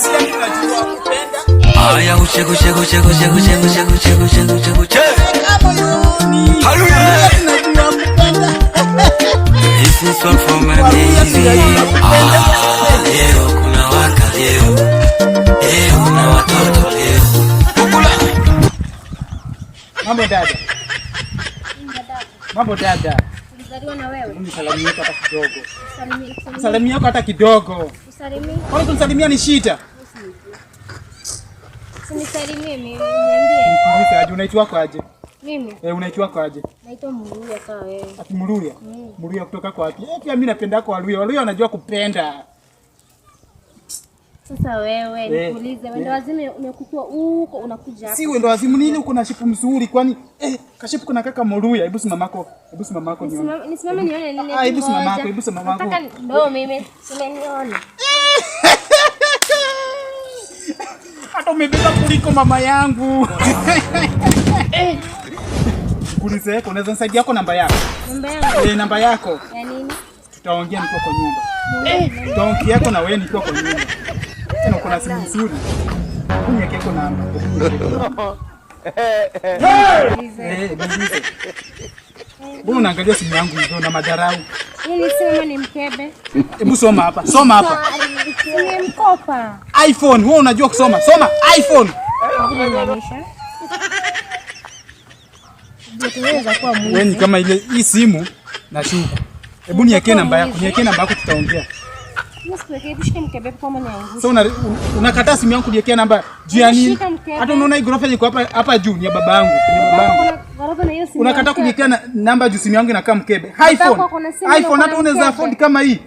Aya, ah, Mambo dada. hata Salimia ni Unisalimie mimi. Ah. Niambie. aje unaitwa kwa Mimi. Eh, unaitwa kwa Naitwa Mruya sawa wewe. Ati Mruya. Mm. Mruya kutoka kwa wapi? Eh, pia mimi napenda yako Waluya. Waluya wanajua kupenda. Sasa wewe eh, nikuulize, wendo eh. wazimu umekukua huko unakuja hapa. Si wendo wazimu nini huko na shipu mzuri kwani eh kashipu kuna kaka Mruya. Hebu simamako. Hebu simamako nione. Nisimame nione ah, nini? Ah, hebu simamako, hebu simamako. Nataka ndo mimi simeniona. hata umebeba kuliko mama yangu. Kulize yako, unaweza nisaidia yako namba yako? Namba eh, yako. Eh, namba yako. Ya nini? Tutaongea nikiwa kwa nyumba. Eh, tutaongea yako na wewe nikiwa kwa nyumba. Tena uko na simu nzuri. Kunya yako namba. Eh, eh. Mbona unaangalia simu yangu hizo na madharau? Mimi ni mkebe. Hebu soma hapa. Soma hapa. Ni mkopa. iPhone, wewe unajua kusoma. Soma iPhone. Wewe yaani kama ile hii simu na shuku. Hebu niwekee namba yako. Niwekee namba yako tutaongea. Sasa unakataa simu yangu niwekee namba. Juu ya nini? Hata unaona hii ghorofa iko hapa hapa juu ni ya baba yangu. Ni baba yangu unakata kujikia Unakataa namba juu simu yangu inakaa mkebe. iPhone. iPhone hata unaweza afford kama hii.